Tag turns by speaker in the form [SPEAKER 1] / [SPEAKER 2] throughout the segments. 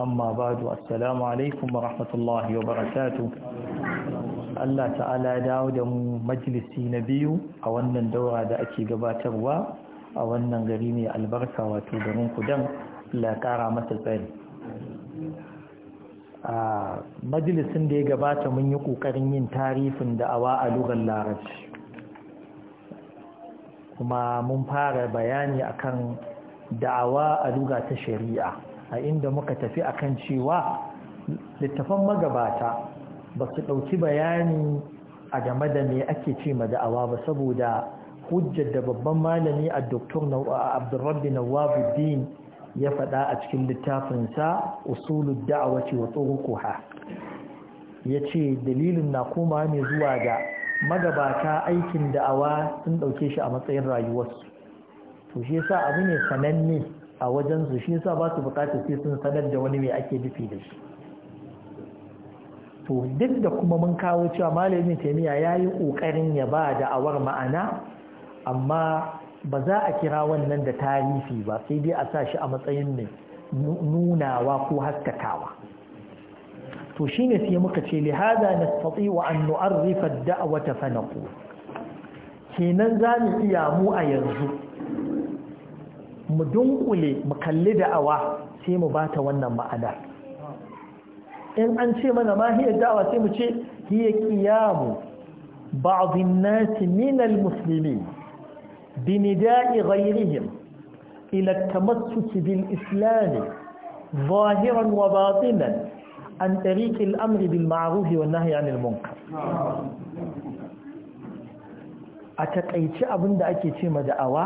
[SPEAKER 1] أما بعد السلام عليكم ورحمة الله وبركاته Allah ta'ala ya dawo da mu majalisi na biyu a wannan daura da ake gabatarwa a wannan gari mai albarka wato garin kudan la kara masa tsari a majalisin da ya gabata mun yi ƙoƙarin yin tarifin da'awa a lugar larabci kuma mun fara bayani akan da'awa a luga ta shari'a a inda muka tafi akan cewa littafan magabata ba su ɗauki bayani a game da me ake ce ma da'awa ba saboda hujjar da babban malami a doktor abdurrabbi nawabuddin ya faɗa a cikin littafinsa usulun da'awa ce wa tsohukuha ya ce dalilin na koma ne zuwa ga magabata aikin da'awa sun ɗauke shi a matsayin rayuwarsu to shi yasa abu ne sananne a wajen su shi sa ba su bukatar sai sun sanar da wani mai ake nufi da shi to duk da kuma mun kawo cewa malamin taimiyya ya yi ƙoƙarin ya ba da awar ma'ana amma ba za a kira wannan da tarihi ba sai dai a sa shi a matsayin mai nunawa ko haskakawa to shine sai muka ce lihada fasi wa an nu'ar ad-da'wata fa naqul kenan mu iya mu a yanzu mu dunkule mu kalli da'awa sai mu bata wannan ma'ana in an ce mana ma da'awa sai mu ce hiya qiyamu ba'd an minal musulmi bini muslimin bi nida'i bil islam zahiran wa batinan an tariq al-amr bil ma'ruf wa an munka a munkar a takaici abinda ake ce ma da'awa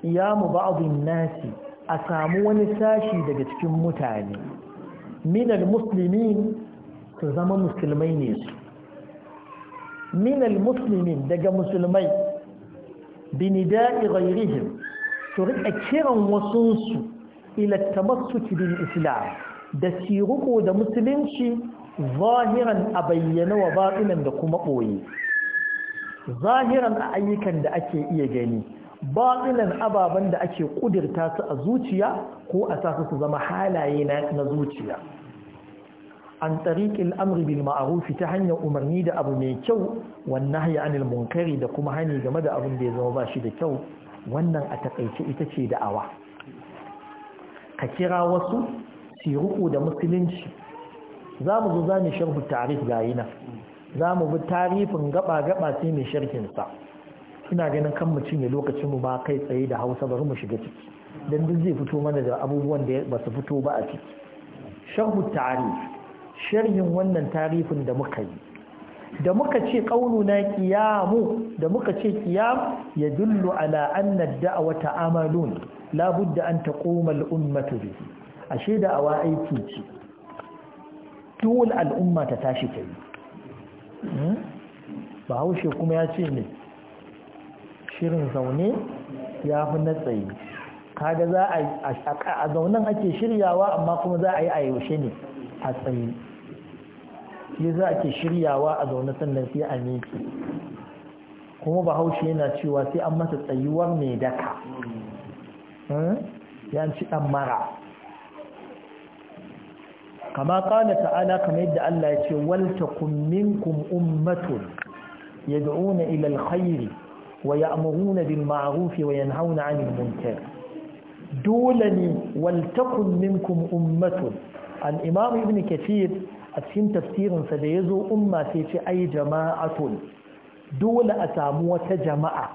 [SPEAKER 1] qiyamu ba'dhin nasi a samu wani sashi daga cikin mutane minal muslimin su zama musulmai ne su minal muslimin daga musulmai binida'i ghairihim su rika kiran su ila tamassuki bil islam da siruko da musulunci zahiran a bayyana wa batsinan da kuma ɓoye zahiran a ayyukan da ake iya gani batilan ababen da ake kudirta su a zuciya ko a sa su zama halaye na zuciya an tsarikin amri bil ma'arufi ta hanyar umarni da abu mai kyau wannan haya anil munkari da kuma hani game da abin da ya zama bashi da kyau wannan a takaice ita ce da'awa ka kira wasu su da musulunci za mu zo za mu sharhu tarif gayi za mu bi tarifin gaba-gaba sai mai sharhinsa ina ganin kan mu cinye lokacin mu ba kai tsaye da hausa bari mu shiga ciki dan duk zai fito mana da abubuwan da ba su fito ba a ciki sharhu ta'rif sharhin wannan tarifin da muka yi da muka ce qauluna qiyamu da muka ce qiyam yadullu ala anna ad-da'wa ta'amalun la budda an taquma al-ummatu bihi ashe da awa aiki ce dole al'umma ta tashi ta yi hmm? ba haushe kuma ya ce ne shirin zaune ya fi na tsaye kaga za a zaunen ake shiryawa amma kuma za a yi a yaushe ne a tsaye shi za a ke shiryawa a zaune sannan sai a miƙe kuma bahaushe yana cewa sai an masa tsayuwar mai daka ya hmm? ci ɗan mara kama ƙala ta'ala kamar yadda Allah ya ce walta kun minkum ummatun yad'una ila khairi ويأمرون بالمعروف وينهون عن المنكر دولني ولتكن منكم أمة الإمام ابن كثير أتهم تفسير فديزو أمة في أي جماعة دول أساموة جماعة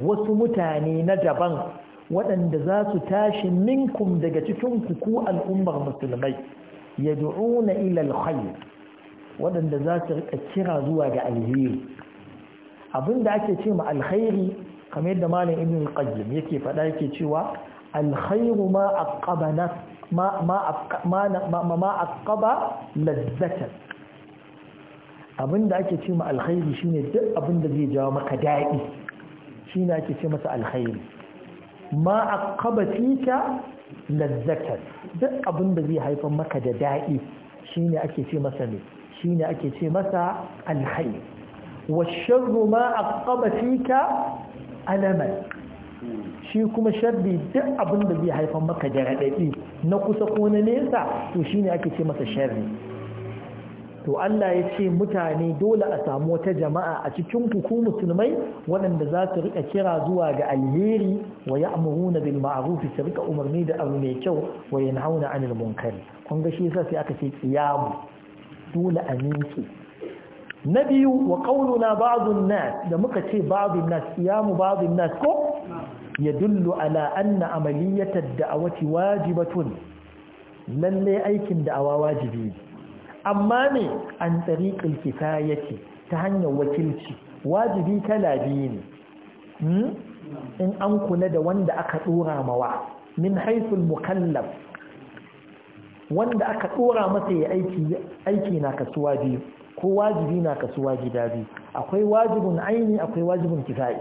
[SPEAKER 1] وسمتاني نجبا وأن ذات تاش منكم دقتكم كو الأمة المسلمين يدعون إلى الخير وأن ذات الكرة زواج الهيل abinda ake ce ma alkhairi kamar yadda malam ibn qayyim yake faɗa yake cewa alkhairu ma aqaba ma ma ma aqaba lazzata abinda ake ce ma alkhairi shine duk abinda zai jawo maka daɗi shine ake ce masa alkhairi ma aqaba fika lazzata duk abinda zai haifar maka da da'i shine ake ce masa ne shine ake ce masa alkhairi والشر ما أقب فيك ألما shi kuma sharri duk abin da zai haifar maka da raɗaɗi na kusa ko na nesa to shine ake ce masa sharri to Allah ya ce mutane dole a samu wata jama'a a cikin ku musulmai waɗanda za su rika kira zuwa ga alheri wa ya'muruna bil ma'ruf su rika umarni da abu mai kyau wa yanhauna 'anil munkar kun ga shi yasa sai aka ce qiyamu dole a miƙe na biyu wa qauluna babu nas da muka ce babu nas siyamu babu nas ko yadullu ala anna amaliyatad da'awati wajibatun lallai aikin da'awa wajibi amma ne an tariqil kifayati ta hanyar wakilci wajibi kala biyu ne hmm? in an kula da wanda aka dora mawa min haythul mukallaf wanda aka ɗora masa ya aiki na kasuwa biyu ko wajibi na kasuwa gida biyu akwai wajibin aini akwai wajibin kifai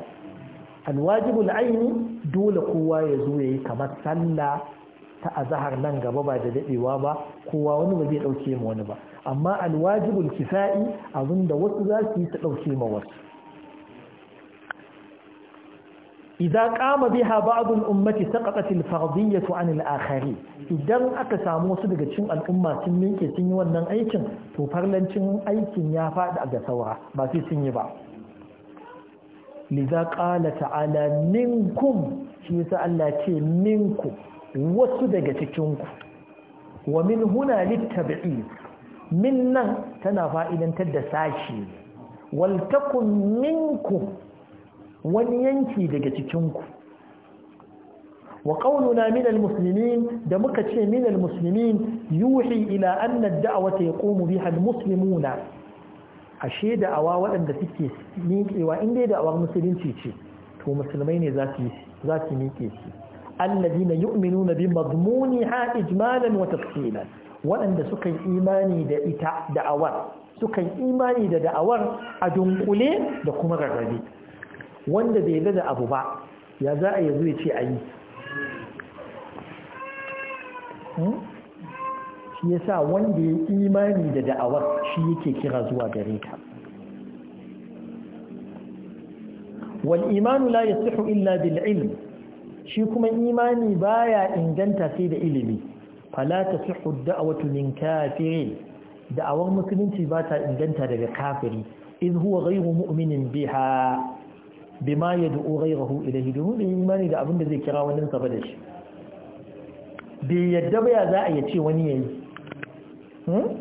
[SPEAKER 1] alwajibin aini dole kowa ya zo yayi kamar sallah ta azahar nan gaba ba da dadewa ba kowa wani ba zai dauke ma wani ba amma alwajibul kifai abinda wasu za su yi su dauke ma wasu idan kama biha ba'dul ummati saqatat al-fardiyyatu an al-akhari idan aka samu wasu daga cikin al'umma sun minke sun yi wannan aikin to farlancin aikin ya faɗi ga saura ba sai sun yi ba liza qala ta'ala minkum shi yasa Allah ce minkum wasu daga cikin ku wa min huna littabi'i min nan tana fa'idantar da sashi wal takun minkum wani yanki daga cikinku wa qawluna min almuslimin da muka ce min almuslimin yuhi ila anna ad ya yaqumu bihan musulmuna ashe da'awa waɗanda suke miƙewa in dai da'awar musulunci ce to musulmai ne za su za su miƙe na alladina yu'minuna bi madmuniha ijmalan wa tafsilan waɗanda suka yi imani da ita da'awar suka yi imani da da'awar a dunkule da kuma rarrabe wanda bai yarda da abu ba ya za a yanzu ya ce a yi hmm? shi ya sa wanda ya imani da da'awar shi yake kira zuwa gare ta wal imanu la yasihu illa bil ilm shi kuma imani baya inganta sai da ilimi fala tasihu da'watu min kafiri da'awar musulunci ba ta inganta daga kafiri In huwa ghayru mu'minin biha bima yad'u ghayrahu ilayhi domin bai imani da abin da zai kira wani sa ba da shi bai yadda ba ya za a yace wani yayi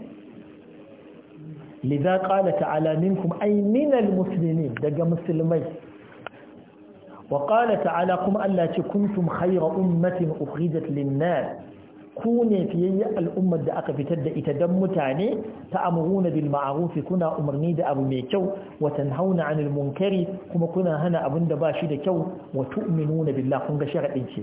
[SPEAKER 1] لذا قال تعالى منكم أي من المسلمين دقى مسلمين وقال تعالى قم ألا كنتم خير أمة أخرجت للناس ku ne fiyayye al'ummar da aka fitar da ita don mutane ta amuruna bil ma'arufi kuna umarni da abu mai kyau wa tanhauna 'anil munkari kuma kuna hana abin da ba shi da kyau wa tu'minuna billah kun ga sharadin ce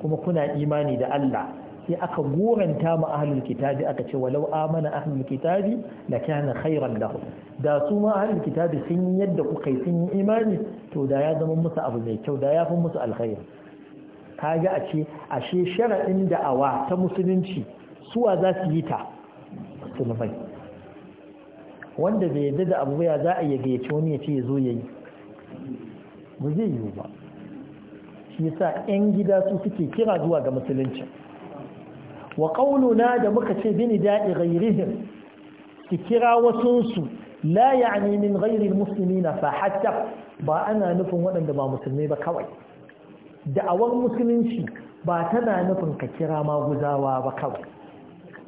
[SPEAKER 1] kuma kuna imani da Allah sai aka goranta mu ahlul kitabi aka ce walau amana ahlul kitabi la kana khairan lahum da su ma ahlul kitabi sun yadda kuka yi sun yi imani to da ya zama musu abu mai kyau da ya fi musu alkhairi kaga a ce ashe sharaɗin da'awa ta musulunci suwa za su yi ta musulmai wanda bai yadda da abubuwa za a yi gayyaci wani ya ce ya zo ya yi ba zai yiwu ba shi sa 'yan gida su suke kira zuwa ga musulunci wa ƙaunona da muka ce bini daɗi gairihim su kira wasunsu la ya'ani min gairin musulmi na fa hatta ba ana nufin waɗanda ba musulmi ba kawai da'awar musulunci ba tana nufin ka kira maguzawa ba kawai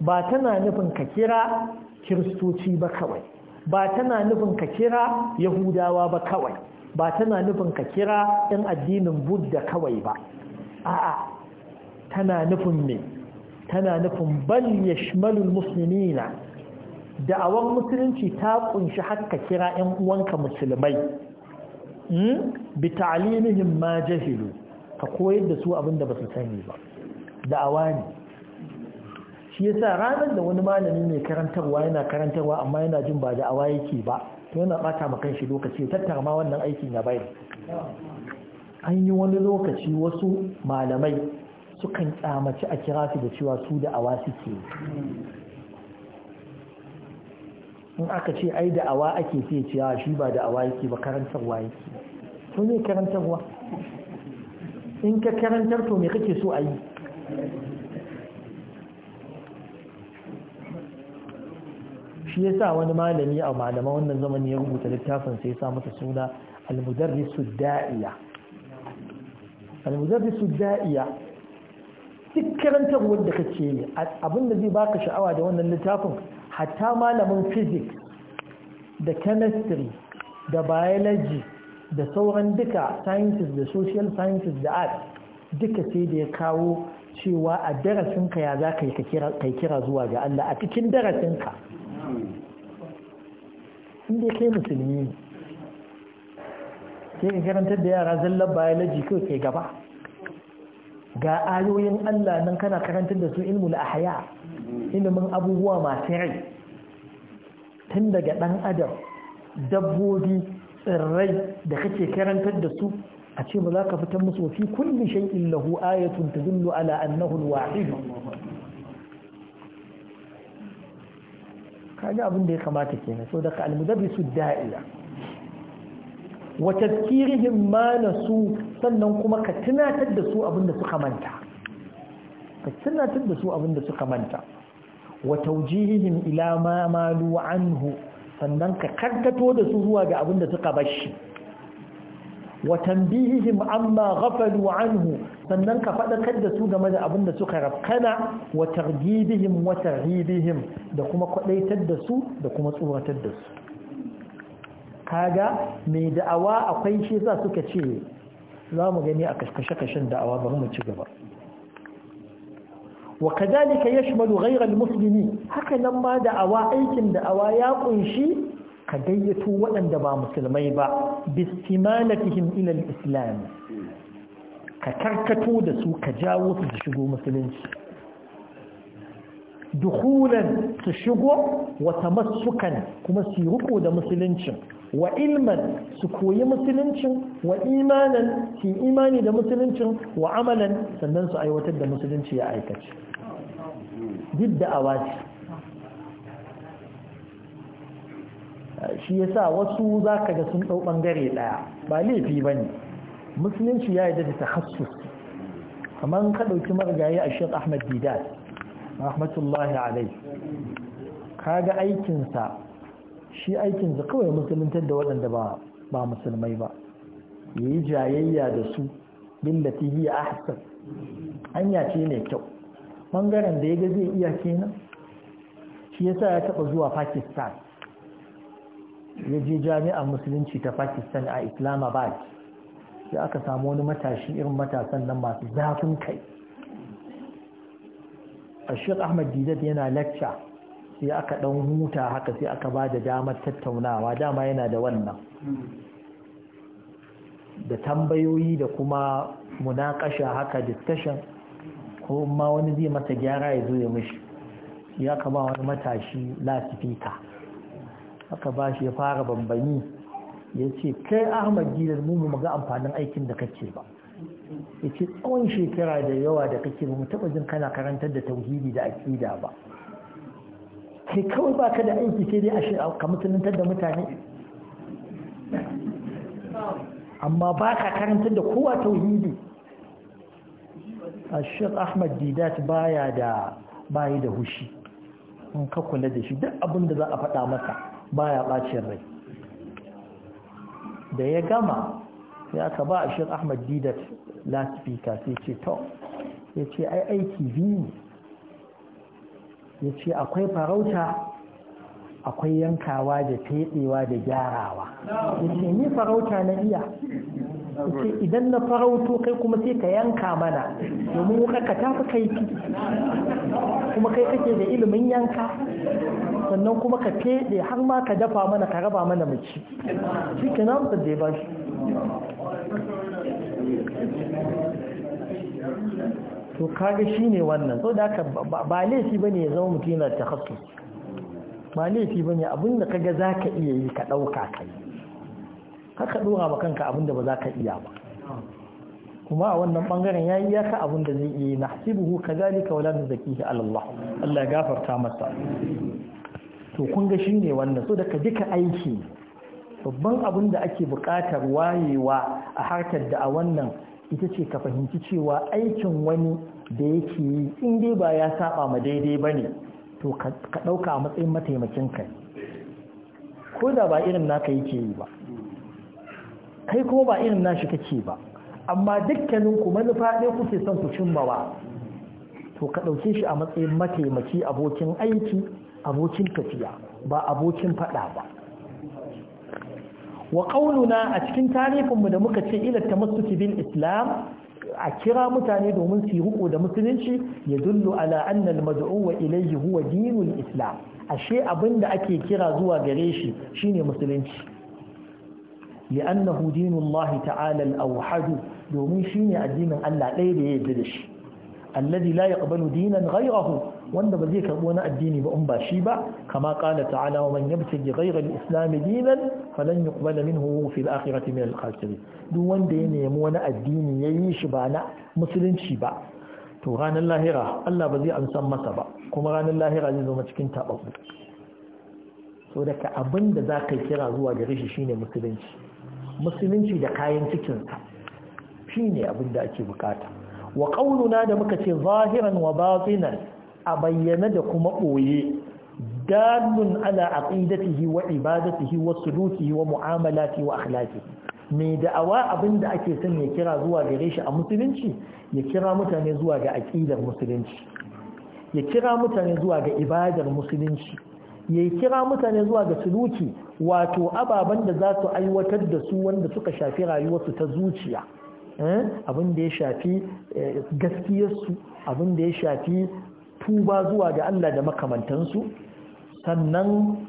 [SPEAKER 1] ba tana nufin ka kira kiristoci ba kawai ba tana nufin ka kira yahudawa ba kawai ba tana nufin ka kira 'yan addinin budda kawai ba a'a tana nufin me tana nufin bal yashmalul muslimina da'awar musulunci ta kunshi haka kira 'yan uwanka musulmai hmm? bi ta'limihim ma jahilu ka koyar da su abin da ba su sani ba da'awa ne shi yasa ranar da wani malami mai karantarwa yana karantarwa amma yana jin ba awa yake ba to yana bata ma kanshi lokaci tattara ma wannan aikin ya bai an yi wani lokaci wasu malamai sukan kyamaci a kira su da cewa su da'awa suke in aka ce ai da'awa ake fiye cewa ah, shi ba da'awa yake ba karantarwa yake to ne karantarwa in ka karantar to mai kake so a yi shi sa wani malami a malama wannan zamani ya rubuta littafin sai ya sa masa suna almudarri su da'iya duk karantar wanda kake yi abinda abinda zai baka sha'awa da wannan littafin hatta malamin physics da chemistry da biology da sauran duka sciences da social sciences da art duka sai da ya kawo cewa a darasinka ya za ka yi kira zuwa ga Allah a cikin darasinka inda kai musulmi ne sai ka karantar da yara zallar biology kai kai gaba ga ayoyin Allah nan kana karantar da su ilmul ahya ilimin abubuwa masu rai tun daga dan adam dabbobi tsirrai da kake karantar da su a ce ba za ka fitar musu wa fi kulli shay'in lahu ayatun tadullu ala annahu al-wahid abin da ya kamata kenan so daga su mudarrisu da'ira wa tadhkirihim ma nasu sannan kuma ka tunatar da su abin da suka manta ka tunatar da su abin da suka manta wa tawjihihim ila ma malu anhu sannan ka karkato da su zuwa ga abin da suka bashi wa tanbihihim amma ghafalu anhu sannan ka faɗakar da su game da abin da suka rafkana wa targhibihim wa tarhibihim da kuma kwadaitar da su da kuma tsoratar da su kaga mai da'awa akwai shi za suka ce za mu gani a kashe-kashen da'awa bari mu ci gaba وكذلك يشمل غير المسلمين هكذا ما دعوا أيكم دعوا يقن شيء كجيتوا وأن دبا مسلمي با باستمالتهم إلى الإسلام ككركتوا دسو كجاوس تشقوا مسلمين دخولا تشقوا وتمسكا كما سيرقوا دا مسلمين wa ilman su koyi musuluncin wa imanan su imani da musuluncin wa amalan sannan su aiwatar da musulunci ya aikace
[SPEAKER 2] duk da awaci
[SPEAKER 1] shi ya sa wasu za ka ga sun ɗau ɓangare ɗaya ba laifi ba ne musulunci ya yi da ta tahassus kamar ka ɗauki marigayi a shek ahmad didat rahmatullahi alai ka ga aikinsa shi aikin aikinsa kawai musuluntar da waɗanda ba ba musulmai ba ya yi jayayya da su bin billati a Hassan. hanya ce mai kyau bangaren da ya ga zai iya kenan shi yasa ya taɓa zuwa Pakistan ya je jami'ar musulunci ta Pakistan a Islamabad sai aka samu wani matashi irin matasan nan masu zafin kai a shi Ahmad didad yana lecture sai aka ɗan huta haka sai aka ba da damar tattaunawa dama yana da wannan da tambayoyi da kuma munakasha haka discussion ko ma wani zai mata gyara ya zo ya mishi ya kama wani matashi lasifika aka ba shi ya fara bambani ya ce kai ahmad gidan mu mu ga amfanin aikin da kake ba ya ce tsawon shekara da yawa da kake ba mu taɓa jin kana karantar da tauhidi da aƙida ba sai kawai ba ka da aiki sai dai a shi ka mutuntar da mutane amma ba ka karantar da kowa tauhidi a shi ahmad didat baya da bayi da hushi in ka kula da shi duk abin da za a faɗa masa baya ɓacin rai da ya gama sai aka ba a shi ahmad didat speaker sai ce to ya ce ai aiki biyu ya ce akwai farauta akwai yankawa da fedewa da gyarawa ya ce ni farauta na iya ya ce idan na farauto kai kuma sai ka yanka mana domin ka tafi kaifi kuma kai kake da ilimin yanka sannan kuma ka fede har ma ka dafa mana ka raba mana mace shi da ba bashi. to kaga shi ne wannan so da haka ba laifi bane ya zama mutum yana takhassus ba laifi bane ne abinda kaga zaka iya yi ka ɗauka kai haka ɗora ma kanka abinda ba za ka iya ba kuma a wannan ɓangaren ya yi yaka abinda zai iya yi na hasibuhu kazalika wala nuzakihi ala Allah Allah ya gafarta masa to kun ga ne wannan so daga duka aiki babban abin da ake buƙatar wayewa a harkar da a wannan ita ce ka fahimci cewa aikin wani da yake yi in dai ba ya saba ma daidai ba ne to ka ɗauka a matsayin mataimakin kai ko da ba irin naka yake yi ba kai kuma ba irin nashi kake ba amma dukkanin ku manufa ɗaya kuke son ku cimmawa to ka ɗauke shi a matsayin mataimaki abokin aiki abokin tafiya ba abokin faɗa ba wa qauluna a cikin tarihinmu da muka ce ila tamassuki bil islam a kira mutane domin su yi riko da musulunci ya dullu ala annal al-mad'uwa ilayhi huwa dinul islam ashe abinda ake kira zuwa gare shi shine musulunci li'annahu dinullahi ta'ala al-awhad domin shine addinin Allah ɗaya da yake da shi alladhi la yaqbalu dinan ghayrahu wanda ba zai karbi wani addini ba in ba shi ba kama qala ta'ala wa man yabtaghi ghayra al-islam dinan falan yuqbala minhu fi al-akhirati min al-khasirin duk wanda ya nemi wani addini ya yi shi ba na musulunci ba to ranar lahira Allah ba zai amsa masa ba kuma ranar lahira zai zama cikin tababbu so daga abin da za ka kira zuwa gare shi shine musulunci musulunci da kayan cikinsa shine abin da ake bukata wa qauluna da muka ce zahiran wa batinan a bayyana da kuma ɓoye dalun ala a aqidatihi wa ibadatihi wa sulukihi wa mu'amalati wa akhlaki mai da'awa abinda ake son ya kira zuwa gare shi a musulunci ya kira mutane zuwa ga aƙidar musulunci ya kira mutane zuwa ga ibadar musulunci ya kira mutane zuwa ga suluki wato ababen da za su aiwatar da su wanda suka shafi rayuwarsu ta zuciya eh? abin da ya shafi eh, gaskiyarsu abin da ya shafi tuba zuwa ga Allah da makamantansu sannan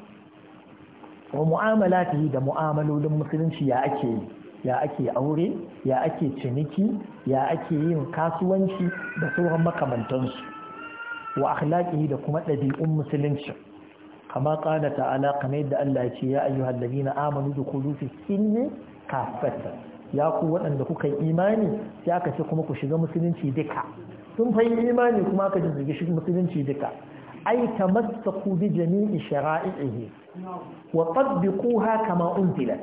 [SPEAKER 1] wa yi da mu'amalolin musulunci ya ake ya ake aure ya ake ciniki ya ake yin kasuwanci da sauran makamantansu wa akhlaqi da kuma ɗabi'un musulunci kama qala ta'ala kamar yadda Allah ya ce ya ayyuhal ladina amanu dukhulu fi sinni kafatan ya ku waɗanda kuka imani sai aka ce kuma ku shiga musulunci duka sun fahimci imani kuma aka jirgi shi musulunci duka ai ku bi jami'i shara'iihi wa haka kama unzila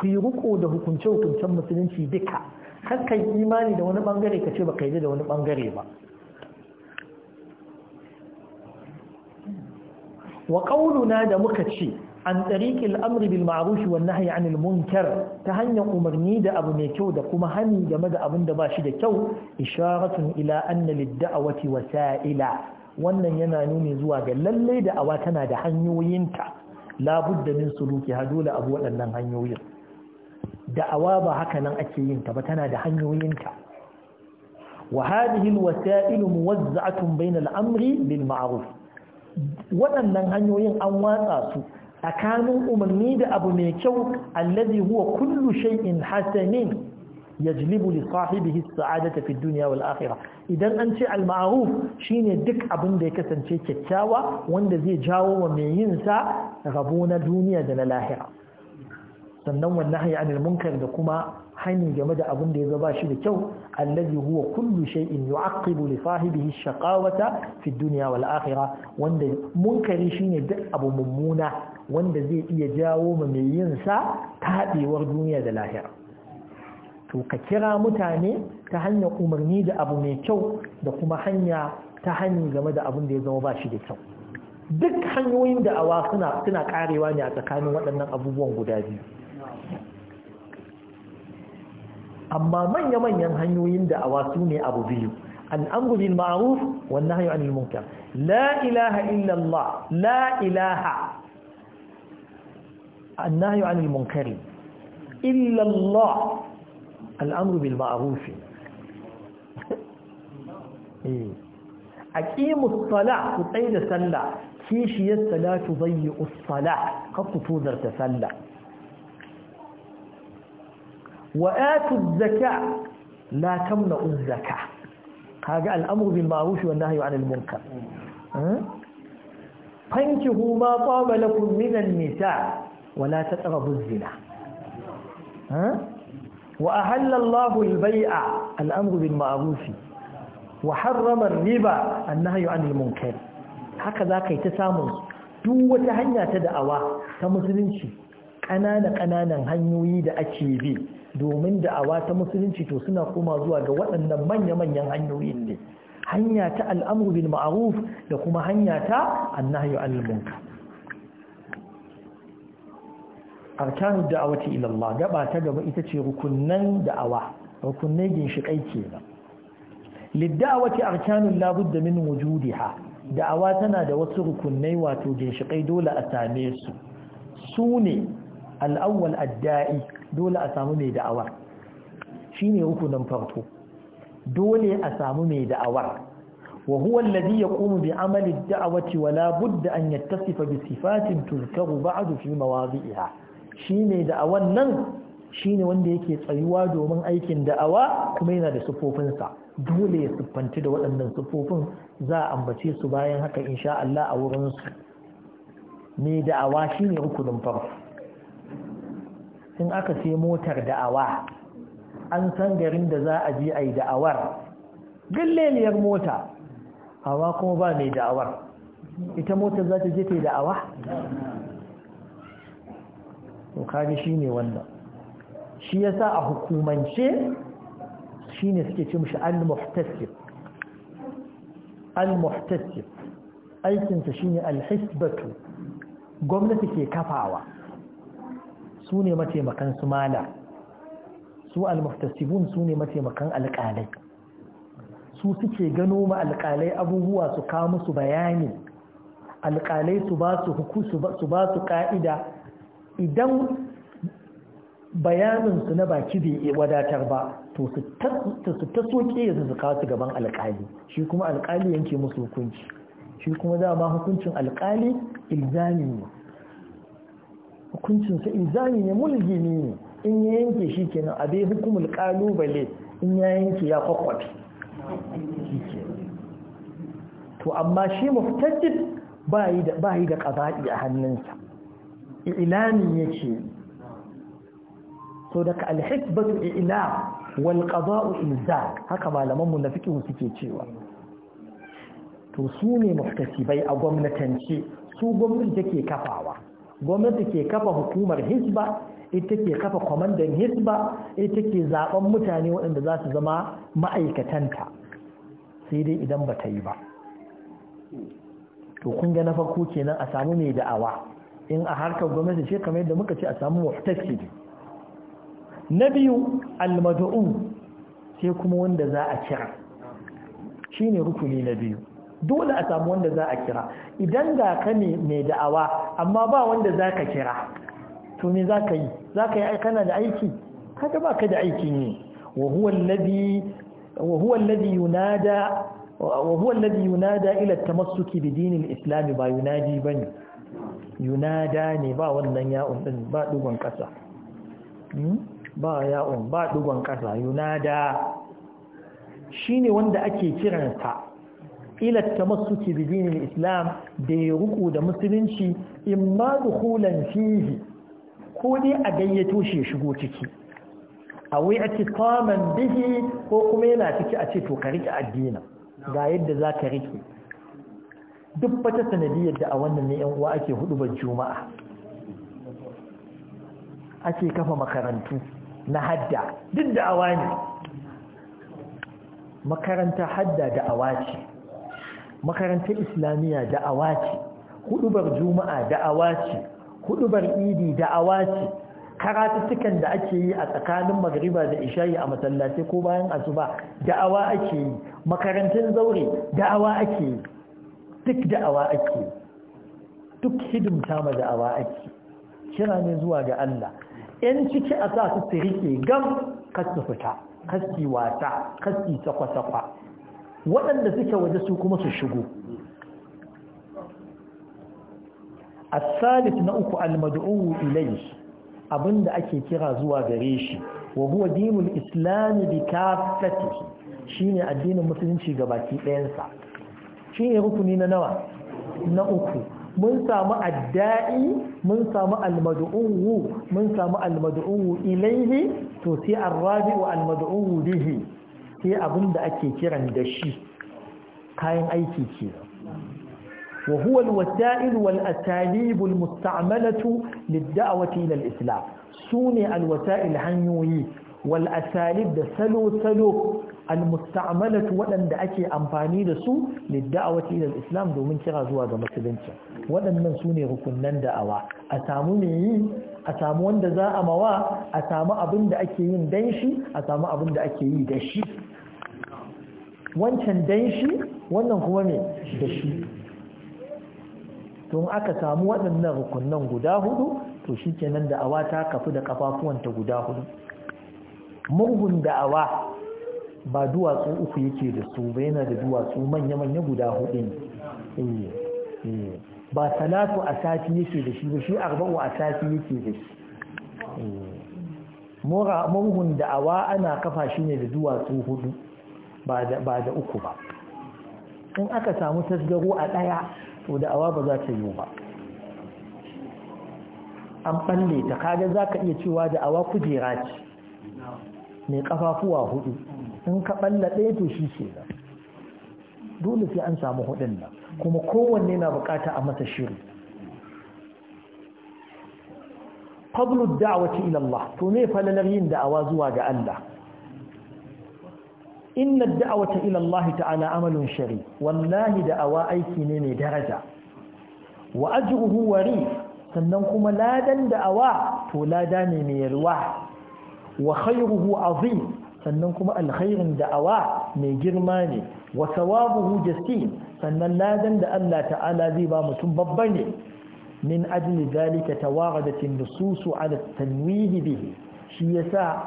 [SPEAKER 1] ku yi riko da hukunce hukuncen musulunci duka har kai imani da wani bangare ka ce ba kai da wani bangare ba wa qauluna da muka ce an tsariki al'amri bil ma'arushi wa hanyar anil munkar ta hanyar umarni da abu mai kyau da kuma hani game da abin da ba shi da kyau isharatun ila anna lidda'awati wasa'ila wannan yana nuni zuwa ga lalle da'awa tana da hanyoyinta labudda min suluki ha dole abu waɗannan hanyoyin da'awa ba haka nan ake yin ta ba tana da hanyoyinta wa hadhihi alwasa'il muwazza'atun bayna amri bil ma'ruf waɗannan hanyoyin an watsa su tsakanin umarni da abu mai kyau allazi huwa kullu shay'in hasanin yajlibu li sahibihi as-sa'adata fi dunya wal akhirah idan an ce al ma'ruf shine duk abin da ya kasance kyakkyawa wanda zai jawo wa mai yin sa rabo na duniya da na lahira sannan wannan anil munkar da kuma hani game da abin da ya zaba shi da kyau allazi huwa kullu shay'in yu'aqibu li sahibihi ash-shaqawata fi dunya wal akhirah wanda munkari shine duk abu mummuna wanda zai iya jawo ma mai yin sa taɗewar duniya da lahira to ka kira mutane ta hanyar umarni da abu mai kyau da kuma hanya ta hanyar game da abin da ya zama ba shi da kyau duk hanyoyin da awa suna suna karewa ne a tsakanin waɗannan abubuwan guda biyu amma manya-manyan hanyoyin da awa su ne abu biyu al'amru bil ma'aruf wan nahyu anil munkar la ilaha illallah, la ilaha النهي عن المنكر إلا الله الأمر بالمعروف إيه. أقيم الصلاة كتير سلة كيشي الصلاة تضيء الصلاة قط تودر تسلة وآتوا الزكاة لا تمنعوا الزكاة هذا الأمر بالمعروف والنهي عن المنكر أه؟ فانكهوا ما طاب لكم من النساء wala ta tsara buzzina wa a hallallahu albai'a al'amru bin ma'arufi wa harramar riba annahayu anil munkar haka za ka yi ta samun duk wata hanya ta da'awa ta musulunci ƙanana-ƙananan hanyoyi da ake bi domin da'awa ta musulunci to suna koma zuwa ga waɗannan manya-manyan hanyoyin ne hanya ta al'amru bil ma'aruf da kuma hanya ta annahayu anil munkar arkanu da'awati ila Allah gaba ta gaba ita ce rukunnan da'awa rukunnai ginshiƙai kenan lidda'awati arkanun la budda min wujudiha da'awa tana da wasu rukunnai wato ginshiƙai dole a same su su ne al'awwal adda'i dole a samu mai da'awa shine rukunin farko dole a samu mai da'awar وهو الذي يقوم بعمل الدعوة ولا بد أن يتصف بصفات تذكر بعد في مواضعها shi ne da'awan nan shi ne wanda yake tsayuwa domin aikin da'awa kuma yana da siffofinsa dole ya siffanci da waɗannan siffofin za a ambace su bayan haka in sha Allah a wurinsu mai da'awa shi ne rukunin farko in aka sai motar da'awa an san garin da za a je a yi da'awar galleliyar mota amma kuma ba mai da'awar ita motar za ta je ta yi da'awa to shi shine wannan shi yasa a hukumance shine suke ce mishi al-muhtasib al-muhtasib aikin sa shine al-hisbatu gwamnati ke kafawa su ne mataimakan su mala su al-muhtasibun su ne mataimakan alƙalai su suke gano ma alƙalai abubuwa su kawo musu bayani alƙalai su ba su ba su ƙa'ida idan bayaninsu na baki bai wadatar ba to su ta soke ya zuzuka su gaban alƙali shi kuma alƙali yanke musu hukunci shi kuma dama hukuncin alƙali ilzami ne hukuncinsa ilzami ne mulgini ne in ya yanke shi kenan bai hukumul ƙalubale in ya yanke ya kwakwafi to amma shi muftajid ba yi da ƙazaɗi a hannunsa ilani yake صدق daga alhikbatu ila wal هكذا ilzak haka malaman mu na fiqh suke cewa to su ne a gwamnatance su gwamnati take kafawa gwamnati ke kafa hukumar hisba ita ke kafa kwamandan hisba ita ke zaben mutane waɗanda za su zama ma'aikatanta sai dai idan ba ta yi ba to kun ga na farko kenan a samu mai da'awa in a harkar gwamnati ce kamar yadda muka ce a samu muhtasibi na biyu almad'u sai kuma wanda za a kira shine rukuni na biyu dole a samu wanda za a kira idan ga ka ne mai da'awa amma ba wanda za ka kira to me za ka yi za ka yi kana da aiki kaga ba ka da aiki ne. wa huwa alladhi yunada وهو الذي ينادى إلى التمسك بدين الإسلام ba ينادي yunada ne ba wannan ya'un din ba dugon kasa hmm? ba ya'un ba dugon kasa yunada shine wanda ake kiransa ila tamassuki bi dinil islam da ya ruku da musulunci in ma dukhulan fihi ko dai a gayyato shi shigo ciki a wai a bihi ko kuma yana ciki a ce to ka rike addinin ga yadda za ka rike duk wata sanadiyar da a wannan ne yan uwa ake bar juma'a ake kafa makarantu na hadda duk da awa ne makaranta hadda da awa ce makarantar islamiyya da awa ce bar juma'a da awa ce hudubar idi da awa ce karatuttukan da ake yi a tsakanin magariba da ishayi a masallaci ko bayan asuba da'awa ake yi makarantun zaure da'awa ake yi duk da'awa ake duk hidimta ma da'awa ake kira ne zuwa ga Allah yan ciki a sa su riƙe gam kasu fita kasu wata kasu sakwa-sakwa waɗanda suke waje su kuma su shigo a salis na uku almadu'u ilai abinda ake kira zuwa gare shi wa huwa dinul islami bi kafatihi shine addinin musulunci baki ɗayansa shi rukuni na nawa na uku mun samu adda'i mun samu almadu'u, mun samu almadu'u ilaihi to sai arrabi wa almad'uwu bihi sai abin da ake kiran da shi kayan aiki ke wa huwa alwasa'il wal atalib almusta'malatu lid-da'wati ila al sune alwasa'il hanyoyi wal asalib da salo salo al musta'malatu waɗanda ake amfani da su da'awati ila islam domin kira zuwa ga musulunci waɗannan su ne rukunnan da'awa a samu me yi a samu wanda za a mawa a samu abin da ake yin dan shi a samu abin da ake yi da shi wancan dan shi wannan kuma ne da shi tun aka samu waɗannan rukunan guda hudu to shi kenan da ta kafu da kafafuwanta guda hudu mugun da'awa ba duwatsu uku yake da su ba yana da duwatsu manya-manya guda hudu ne eh, eh. ba salatu a sati yake da shi ba shi arba'u a sati yake da shi eh. mugun da'awa ana kafa shi ne da duwatsu hudu ba da uku ba in aka samu tasgaro a ɗaya to da'awa ba za ta yi ba an ɓalle ta kaga za ka iya cewa da'awa kujera ce mai kafafuwa hudu in ka balla ɗaya to shi ce nan dole sai an samu hudun nan kuma kowanne na bukata a masa shiru fablu da'wati ila Allah to me falalar yin da'awa zuwa ga Allah inna da'wata ila Allah ta'ala amalun shari wallahi da'awa aiki ne mai daraja wa ajruhu wari sannan kuma ladan da'awa to lada ne mai yalwa wa khairuhu azim sannan kuma alkhairin da'awa mai girma ne wa sawabuhu jasim sannan ladan da Allah ta'ala zai ba mutum babba ne min ajli zalika tawaradat an-nusus 'ala at-tanwih bihi shi yasa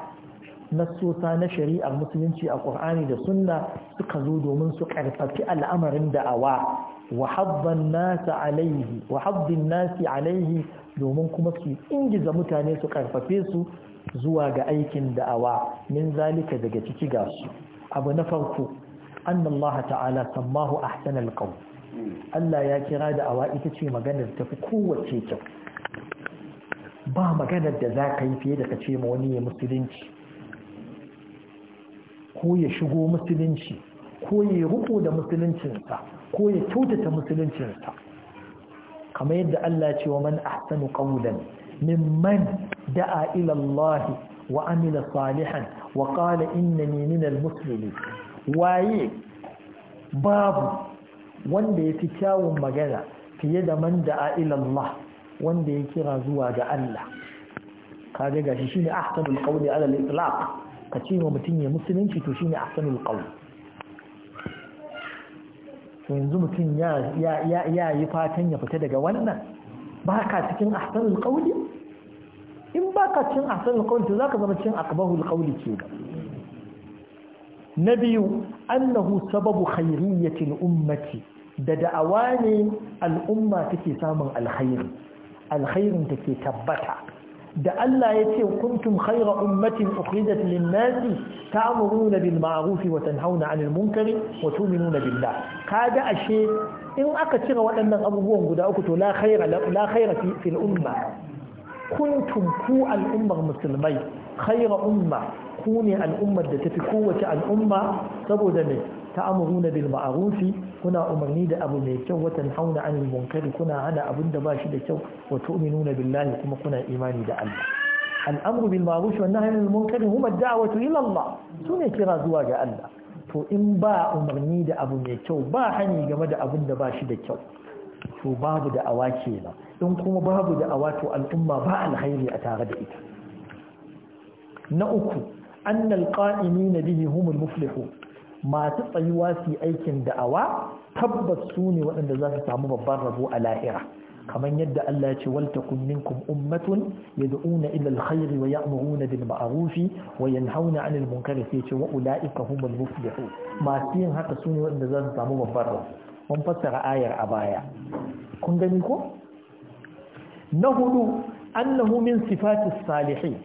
[SPEAKER 1] nassosa na shari'ar musulunci a ƙur'ani da sunna suka zo domin su karfafi al'amarin da'awa wa habban nasi alaihi domin kuma su ingiza mutane su ƙarfafe su zuwa ga aikin da'awa min zalika daga ciki ga su abu na farko an Allah ta'ala sammahu ahsan alqaw Allah ya kira da'awa ita ce maganar ta fi kowace kyau ba maganar da za ka yi fiye da ka ce ma wani ya musulunci ko ya shigo musulunci ko ya ruko da musuluncinsa ko ya kyautata musuluncinsa kamar yadda Allah ce wa man ahsanu qawlan mimman da'a ila Allah wa amila salihan wa qala innani minal muslimin waye babu wanda yafi kyawun magana fiye da man da'a ila Allah wanda ya kira zuwa ga Allah kaga gashi shine ahsanul qawli ala al-itlaq kace wa mutun ya musulunci to shine ahsanul qawli yanzu mutum ya ya yi fatan ya fita daga wannan ba ka cikin ahsanul qawli in ba ka cikin ahsanul qawli to zaka zama cikin aqbahul qawli ke na biyu annahu sababu khairiyyatil ummati da da'awa ne al'umma take samun alkhairi alkhairin take tabbata da Allah ya ce kuntum khayra ummatin ukhrijat lin-nasi ta'muruna bil ma'ruf wa tanhauna 'anil munkari wa tu'minuna billah kaga ashe in aka cire waɗannan abubuwan guda uku to la khaira fil umma kuntum ku al'ummar musulmai khaira umma ku ne al'ummar da tafi kowace al'umma saboda ne ta'amuruna bil ma'rufi kuna umarni da abu mai kyau watan hauna anil munkari kuna hana abin da ba shi da kyau wa tu'minuna billahi kuma kuna imani da Allah al'amru bil ma'ruf wa nahyi anil munkari huma da'watu ila Allah sune kira zuwa ga Allah to in ba umarni da abu mai kyau ba hani game da abin da ba shi da kyau to babu da awa kenan in kuma babu da awa to al'umma ba alhairi a tare da ita na uku annal qa'imi na bihi humul muflihu masu tsayuwa su aikin da'awa tabbas su ne waɗanda za su samu babban rabo a lahira kamar yadda Allah ya ce wal takum minkum ummatun yad'una ila alkhairi wa ya'muruna bil ma'ruf wa yanhauna 'anil munkar sai ce wa ulaika humul muflihun masu yin haka sune wanda za su samu babbar rawa mun fassara ayar a baya kun gani ko na hudu annahu min sifatis salihin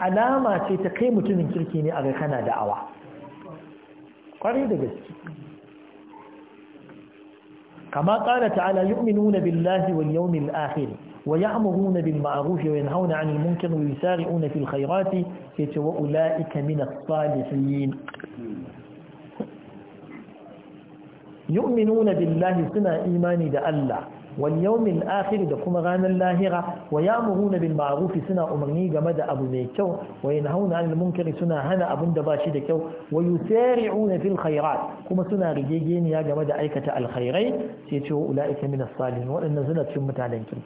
[SPEAKER 1] alama ce ta kai mutumin kirki ne a ga kana da'awa kwarai da gaske كما قال تعالى يؤمنون بالله واليوم الآخر ويأمرون بالمعروف وينهون عن المنكر ويسارعون في الخيرات وأولئك من الصالحين يؤمنون بالله سنة إيمان دا الله wal yawmil akhir da kuma ranar lahira wa ya'muruna bil ma'ruf suna umarni game da abu mai kyau wa hauna 'anil munkari suna hana abun da ba shi da kyau wa yusari'una fil khairat kuma suna rigegeniya game da aikata alkhairai sai ce wa ula'ika min as-salihin waɗannan suna cikin mutanen kirki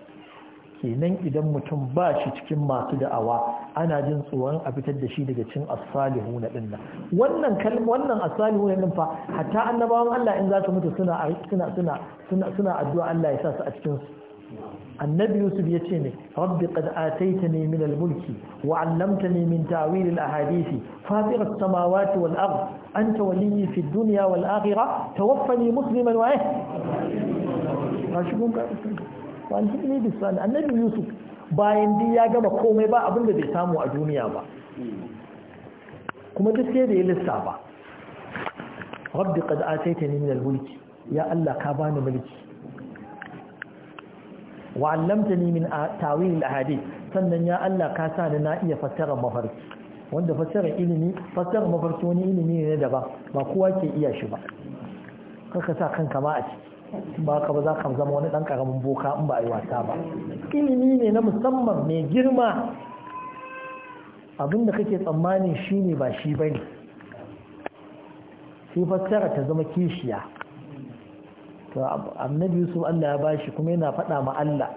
[SPEAKER 1] kenan idan mutum ba shi cikin masu da'awa ana jin tsoron a fitar da shi daga cin asalihu na din nan wannan kalma wannan asalihu na din fa hatta annabawan Allah in za su mutu suna suna suna suna suna addu'a Allah ya sa su a cikin su annabi Yusuf ya ce ne rabbi qad ataitani min al-mulki wa 'allamtani min ta'wil al-ahadith fatir as-samawati wal ard anta waliyyi fi ad-dunya wal akhirah tawaffani musliman wa eh. wani ne annabi yusuf bayan duk ya gama komai ba abinda bai samu a duniya ba kuma duk sai da ya lissafa rabbi qad ni min al-mulki ya Allah ka bani mulki wa 'allamtani min tawil al-ahadith sannan ya Allah ka sa ni na iya fassara mafarki wanda fassara ilimi fassara mafarki wani ilimi ne daban ba kowa ke iya shi ba kaka sa kanka ma a ciki ba ka ba za ka zama wani ɗan karamin boka in ba a yi wasa ba ilimi ne na musamman mai girma abinda kake tsammanin shine ba shi bane ne sai fassara ta zama kishiya to annabi yusuf allah ya bashi kuma yana faɗa ma allah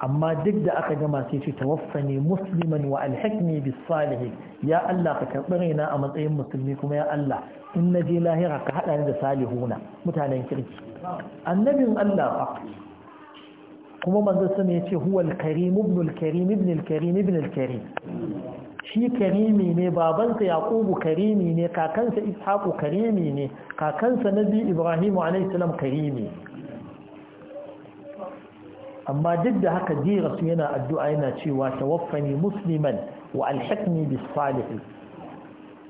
[SPEAKER 1] amma duk da aka gama sai ce tawaffani musliman wa alhikmi bis salihin ya Allah ka karɓi raina a matsayin musulmi kuma ya Allah in na je lahira ka haɗa ni da salihuna mutanen kirki annabin Allah fa kuma manzon sama ya ce huwa al-karim ibn al-karim ibn al-karim ibn al-karim shi karimi ne babansa yaqubu karimi ne kakansa ishaqu karimi ne kakansa nabi ibrahim alayhi salam karimi ne amma duk da haka jira su yana addu'a yana cewa waffani musliman wa alhaqni bis salihin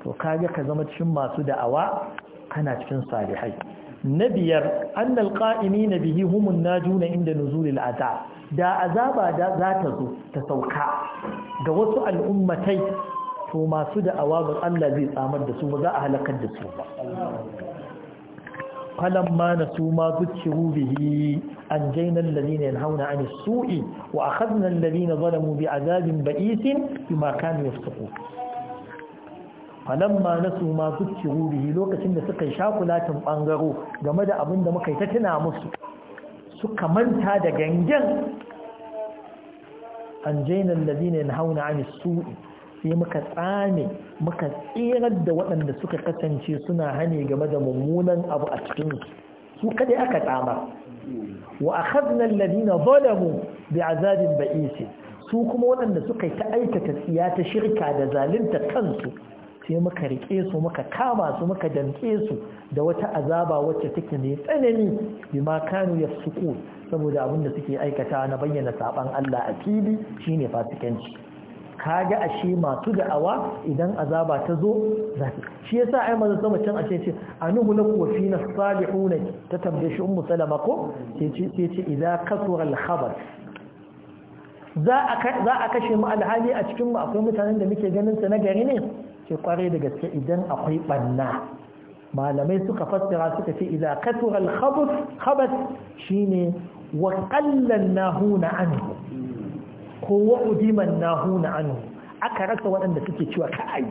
[SPEAKER 1] to kage ka zama cikin masu da'awa kana cikin salihai na biyar annal na bihi humun juna inda nuzulil azab da azaba da za ta zo ta sauka ga wasu al'ummatai to masu da'awa ba Allah zai tsamar da su ba za a halakar da su ba فلما نسوا ما ذكروا به أنجينا الذين ينهون عن السوء وأخذنا الذين ظلموا بعذاب بئيس بما كانوا يفسقون falamma nasu ma zucciru bihi lokacin da suka yi shakulatin bangaro game da abin da muka yi ta tuna musu suka manta da gangan an jainan na sai muka tsame muka tsirar da waɗanda suka kasance suna hane game da mummunan abu a cikin su kada aka tsama wa akhadna alladhina zalamu bi'azabin ba'isi su kuma waɗanda suka ta aikata tsiya ta shirka da zalunta kansu sai muka riƙe su muka kama su muka danke su da wata azaba wacce take mai tsanani bima kanu yafsuku saboda abin da suke aikata na bayyana saban Allah a fili shine fasikanci kaga ashe masu da'awa idan azaba ta zo shi yasa ai manzo sama can a ce A nuhu na kofi na salihun ta tambaye shi umu salama ko sai ce idan kasuwar al za a kashe mu alhali a cikin mu akwai mutanen da muke ganin sa na ne ce kware da gaske idan akwai ɓanna. malamai suka fassara suka ce idan kasuwar al shine wa qallan nahuna an ko na nahuna anu aka rasa waɗanda suke cewa ka ayi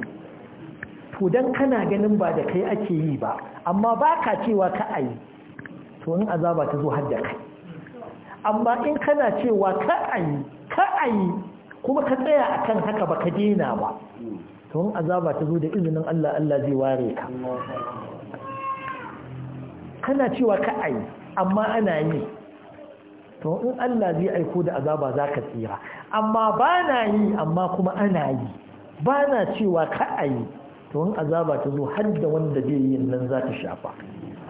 [SPEAKER 1] to dan kana ganin ba da kai ake yi ba amma ba cewa ka ayi to in azaba ta zo har da kai amma in kana cewa ka ayi ka ayi kuma ka tsaya akan haka ba ka dena ba to in azaba ta zo da izinin Allah Allah zai ware ka kana cewa ka ayi amma ana yi to in Allah zai aiko da azaba za ka tsira amma ba na yi amma kuma ana yi ba na cewa ka a yi to in azaba ta zo har da wanda zai yi nan za ta shafa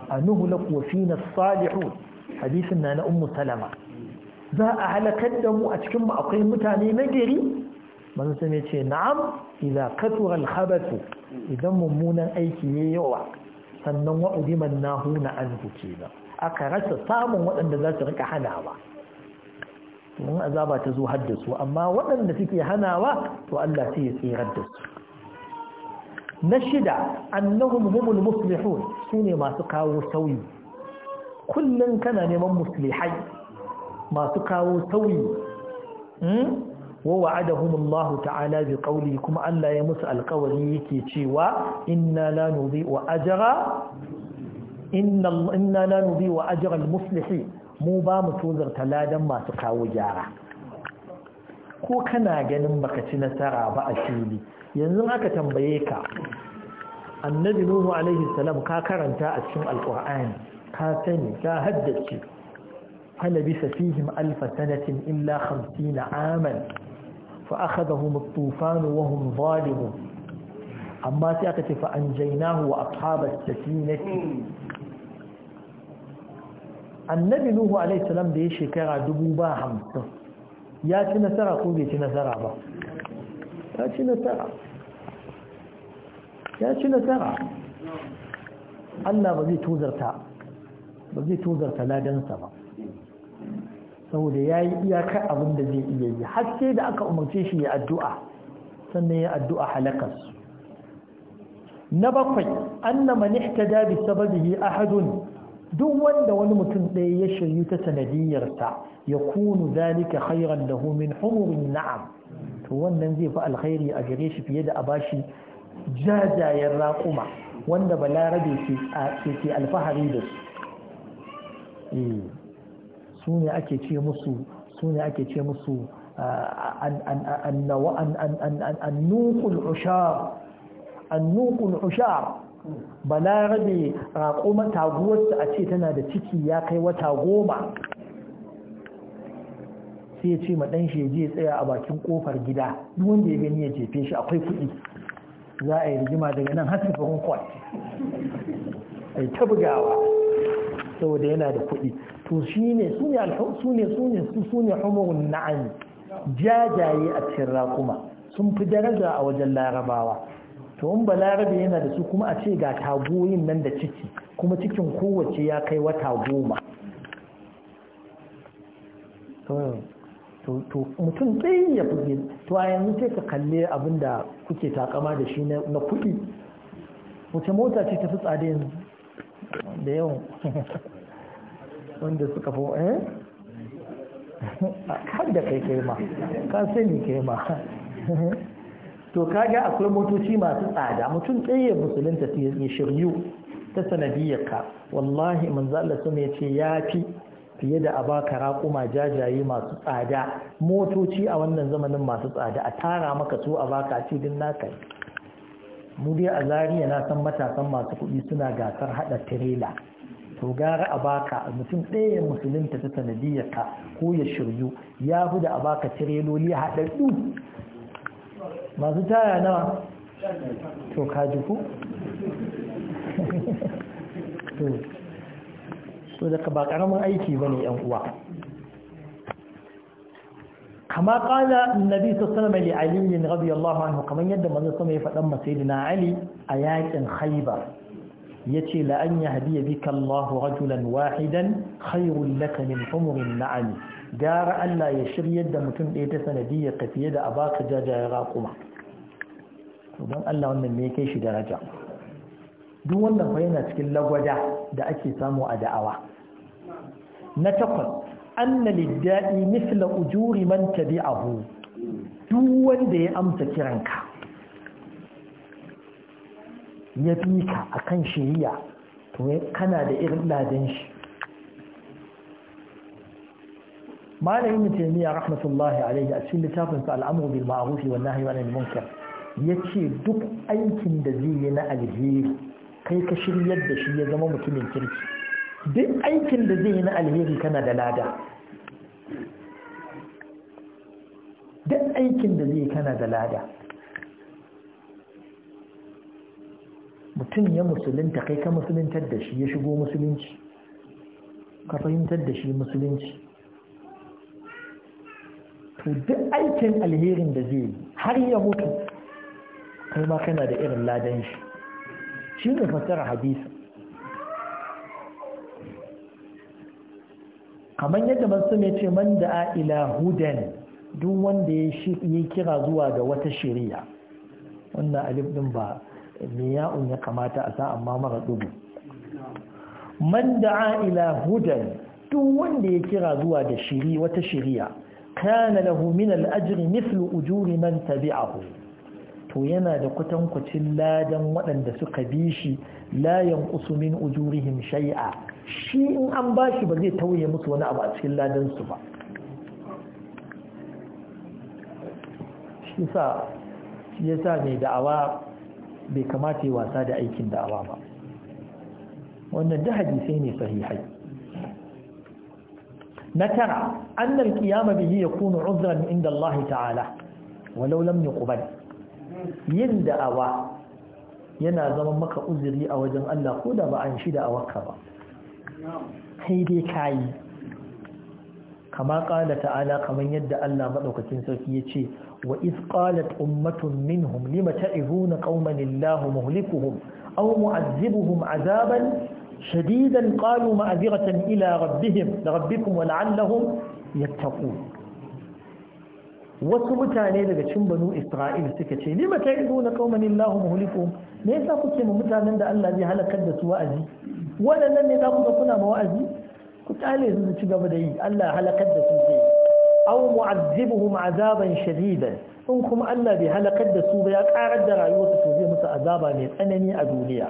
[SPEAKER 1] a nuhu na kofi na salihu hadisin na na ummu salama za a halakar da mu a cikin mu akwai mutane na gari manzo sai ce na'am idza katura al-khabathu idan mummunan aiki ya yawa sannan wa'udiman nahuna an kuke ba aka rasa samun waɗanda za su rika hanawa domin azaba ta zo haddasu amma waɗanda suke hanawa to Allah sai ya tsirar da su na shida annahum humul muslihun sune masu kawo sauyi kullum kana neman muslihai masu kawo sauyi hmm? wa wa'adahum Allah ta'ala bi qawli kuma Allah ya musu alƙawari yake cewa inna la nudhi'u ajra inna na nubi wa ajiyar musulhi mu bamu mu tozarta ladan masu kawo gyara ko kana ganin ba ka ci nasara ba a shiri yanzu aka tambaye ka annabi nuhu alaihi ka karanta a cikin alkur'ani ka sani ka haddace hana bisa alfasa alfa sanatin illa khamsina aman fa akhadahum at-tufan wa hum zalimun amma sai aka ce fa anjaynahu wa ashabat safinati annabi nuhu alaihi salam da ya shekara dubu ba hamsin ya ci nasara ko bai ci nasara ba ya ci nasara ya ci nasara Allah ba zai tozarta ba ladansa ba saboda ya yi iyakar abin da zai iya yi haske da aka umarce shi ya addu'a sannan ya addu'a halakarsu na bakwai an annama nihtada bi sababihi ahadun duk wanda wani mutum ɗaya ya shiryu ta sanadiyarsa ya kunu zalika khairan lahu min humurin na'am to wannan zai fi alkhairi a gare shi fiye da a bashi jajayen raƙuma wanda balarabe ke ke alfahari da su su ne ake ce musu su ne ake ce musu an ushar ushar balarabe raƙoma taguwarsa a ce tana da ciki ya kai wata goma sai ya ce ma ɗanshi shi je tsaya a bakin ƙofar gida duk wanda ya gani ya jefe shi akwai kuɗi za a yi rigima daga nan har tafarin a yi ta bugawa saboda yana da kuɗi to shi ne su ne su ne su ne humurun na'ani jajaye a cikin raƙuma sun fi daraja a wajen larabawa to in balarabe yana da su kuma a ce ga tagoyin nan da ciki kuma cikin kowace ya kai wata goma to mutum ɗaya ya fi to a yanzu sai ka kalle abin da kuke takama da shi na kuɗi wace mota ce ta fi tsada yanzu da yawan wanda suka fi eh har da kai kai ma ka sani kai ma to kaga akwai motoci masu tsada mutum tsaye musulunta ya shiryu ta ka. wallahi manzo Allah sun ya ce ya fi fiye da abaka raƙuma jajaye masu tsada motoci a wannan zamanin masu tsada a tara maka su a ka ce din naka mu dai a zariya na san matasan masu kuɗi suna gasar hada tirela to gara a baka mutum ɗaya musulunta ta ka ko ya shiryu ya fi da a baka tireloli haɗaɗɗu masu taya nawa to kaji ku to daga ba karamin aiki ba ne yan uwa kama kala nabi sassanar mai aliyin rabi allahu anhu kamar yadda manzo sama ya faɗan masaidina ali a yakin haiba ya ce la'an ya hadiya rajulan wahidan khairun laka min umurin na'ali gara Allah ya shiryar da mutum ɗaya ta sanadiyya ka fiye da a baka jajayen raƙuma don Allah wannan ne kai shi daraja duk wannan fa yana cikin lagwada da ake samu a da'awa na takwas anna lidda'i misla ujuri man tabi'ahu duk wanda ya amsa kiranka ya bi ka akan shiriya to kana da irin ladan shi malamin ya rahmatullahi alaihi a cikin littafin su al'amru bil ma'arufi wa nahyi anil munkar ce duk aikin da zai yi na alheri kai ka shiryar da shi ya zama mutumin kirki duk aikin da zai yi na alheri kana da lada duk aikin da zai kana da lada mutum ya musulunta kai ka musuluntar da shi ya shigo musulunci ka fahimtar da shi musulunci to duk aikin alherin da zai har ya mutu kai ma kana da irin ladan shi shi ne fasara hadisi kamar yadda masu mai ce man da ila hudan duk wanda ya kira zuwa ga wata shari'a wannan alif din ba me ya'un ya kamata a sa amma mara dubu man da ila hudan duk wanda ya kira zuwa da shiri wata shari'a kana lahu min al'ajiri mislu ujuri man tabi'ahu to yana da kwatankwacin ladan waɗanda suka bi shi layan usumin ujurihim shai'a shi in an ba shi ba zai tauye musu wani abu a cikin ladansu ba shi sa ya sa mai da'awa bai kamata yi wasa da aikin da'awa ba wannan da hadisai ne sahihai na tara annal qiyama ya yakunu uzran inda Allah ta'ala walau lam yuqbal yin da'awa yana zama maka uzuri a wajen Allah ko da ba an shi da'awarka ba sai dai kayi kama kala ta'ala kaman yadda Allah madaukakin sarki ya ce, wa iz qalat ummatun minhum lima ta'izuna qauman illahu muhlikuhum aw hum azaban شديدا قالوا معذرة إلى ربهم لربكم ولعلهم يتقون wasu mutane daga cin banu isra'il suka ce lima ta ido na kauman illahu muhlikum me yasa kuke ma mutanen da Allah zai halakar da su wa'azi Wadannan ne za ku ga kuna ma wa'azi ku tsale su ci gaba da yi Allah halakar da su zai aw mu'azzibuhum azaban shadidan in kuma Allah bai halakar da su ba ya karar da rayuwarsu to zai musu azaba mai tsanani a duniya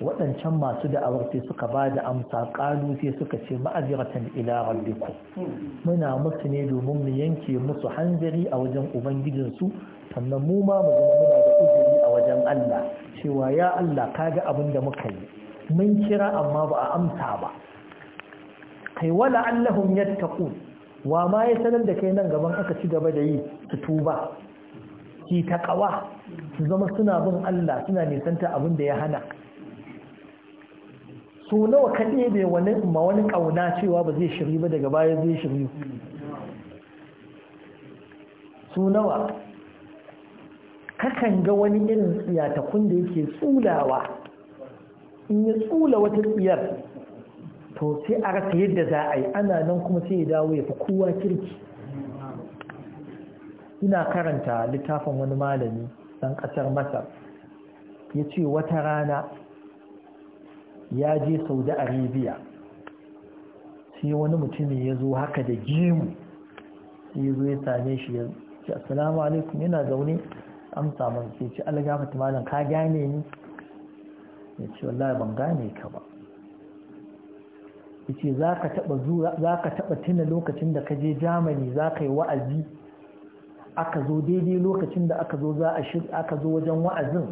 [SPEAKER 1] waɗancan masu da'awar sai suka ba da amsa ƙalu sai suka ce ma'aziratan ila rabbikum muna musu ne domin mu yanke musu hanzari a wajen ubangijinsu sannan mu ma mu zama muna da uzuri a wajen Allah cewa ya Allah kaga abin da muka yi mun kira amma ba a amsa ba kai wala allahum yattaqu wa ma ya sanar da kai nan gaban aka ci gaba da yi su tuba ki taqwa su zama suna bin Allah suna nisanta abin da ya hana so nawa ka ɗebe wani ma wani ƙauna cewa ba zai shiri ba daga baya zai shiri so nawa kakan ga wani irin tsiyatakun da yake tsulawa in ya tsula wata tsiyar to sai a rasa yadda za a yi ana nan kuma sai ya dawo ya fi kowa kirki ina karanta littafin wani malami ɗan ƙasar masar ya ce wata rana ya je saudi arabia sai wani mutum ya zo haka da jimu sai ya zo ya same shi ya ce assalamu alaikum yana zaune amsa masa sai ce algafat malam ka gane ni ya ce wallahi ban gane ka ba ya ce za ka taba tuna lokacin da ka je Germany ka yi wa'azi aka zo daidai lokacin da aka zo za a aka zo wajen wa'azin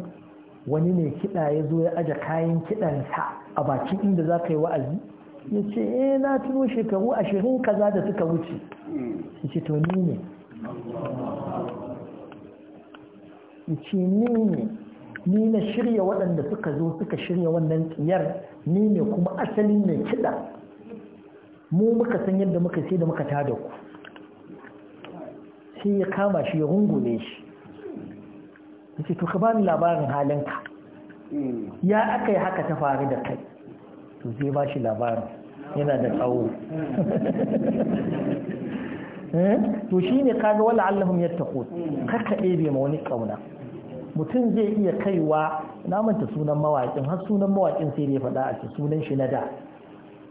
[SPEAKER 1] wani ne kiɗa ya zo ya aje kayan kiɗansa a bakin inda za ka yi wa'azi ya ce eh na tuno shekaru ashirin kaza da suka wuce hmm. ya ce to ni ne ya ce ni ne ni na shirya waɗanda suka zo suka shirya wannan tsiyar ni ne kuma asalin mai kiɗa mu muka san yadda muka sai da muka ta da ku sai ya kama shi ya rungume shi ya ce to ka bani labarin halinka ya aka yi haka ta faru da kai to sai ba shi labarin yana da tsawo eh? to shi ne kaga wala allahun yadda tako kaka ɗebe ma wani ƙauna mutum zai iya kaiwa na manta sunan mawaƙin har sunan mawaƙin sai dai faɗa a shi sunan shi na da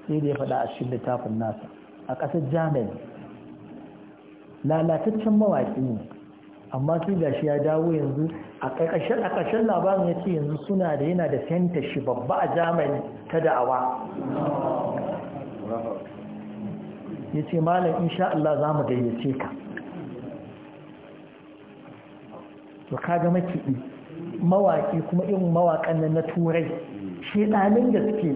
[SPEAKER 1] sai dai faɗa a cikin littafin nasa a ƙasar jamani lalataccen mawaƙi ne amma da shi ya dawo yanzu a ƙarƙashin a ƙarshen labarin ya ce yanzu suna da yana da fenta shi babba a jamani ta da'awa ya ce malam insha Allah za mu gayyace ka to kaga makiɗi mawaƙi kuma irin mawaƙan nan na turai shedanin gaske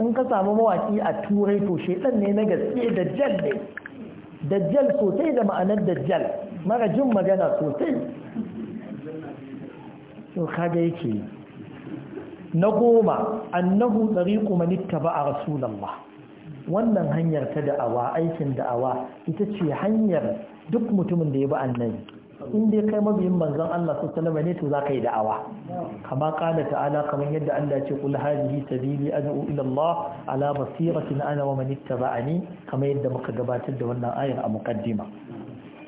[SPEAKER 1] in ka samu mawaƙi a turai to shedan ne na gaske da jal ne da jal sosai da ma'anar da jal. mara jin magana sosai so kaga yake na goma annahu tsariku manitta ba a rasulallah wannan hanyar ta da'awa aikin da'awa ita ce hanyar duk mutumin da ya bi annabi in dai kai mabiyin manzon Allah sallallahu ne to za ka yi da'awa kama kala ta'ala kamar yadda Allah ce kul hadhihi sabili ad'u ila Allah ala basiratin ana wa man ittaba'ani kama yadda muka gabatar da wannan ayar a muqaddima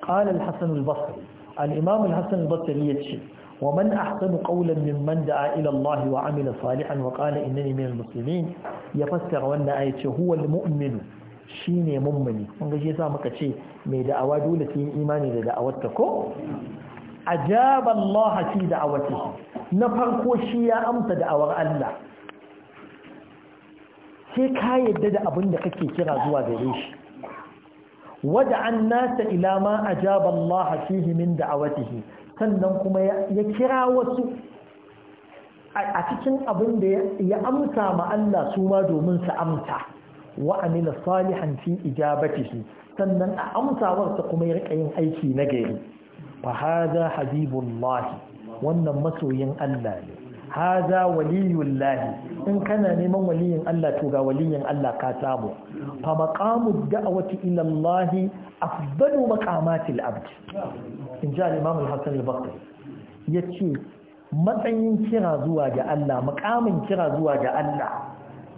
[SPEAKER 1] قال الحسن البصري الإمام الحسن البصري يتشي ومن أحسن قولا ممن دعا إلى الله وعمل صالحا وقال إنني من المسلمين يفسر وأن آية هو المؤمن shine mummuni kun ga shi yasa muka ce mai da'awa dole sai yin imani da da'awarta ko ajaba Allah fi da'awati na farko shi ya amsa da'awar Allah sai ka yadda da abin da kake kira zuwa gare shi ودعا الناس ilama a أجاب الله فيه da دعوته sannan kuma ya kira wasu a cikin abin da ya amsa ma Allah su ma domin su amsa wa amila salihan fi shi sannan a amsawarsa kuma ya rika yin aiki na gari fa hadha habibullahi wannan masoyin Allah ne haza waliyun in kana neman waliyin Allah to ga waliyin Allah ka samu fa maqamu da'wati ila Allah afdalu maqamati al-abd in ja al-imam al-hasan al-bakri yace matsayin kira zuwa ga Allah maqamin kira zuwa ga Allah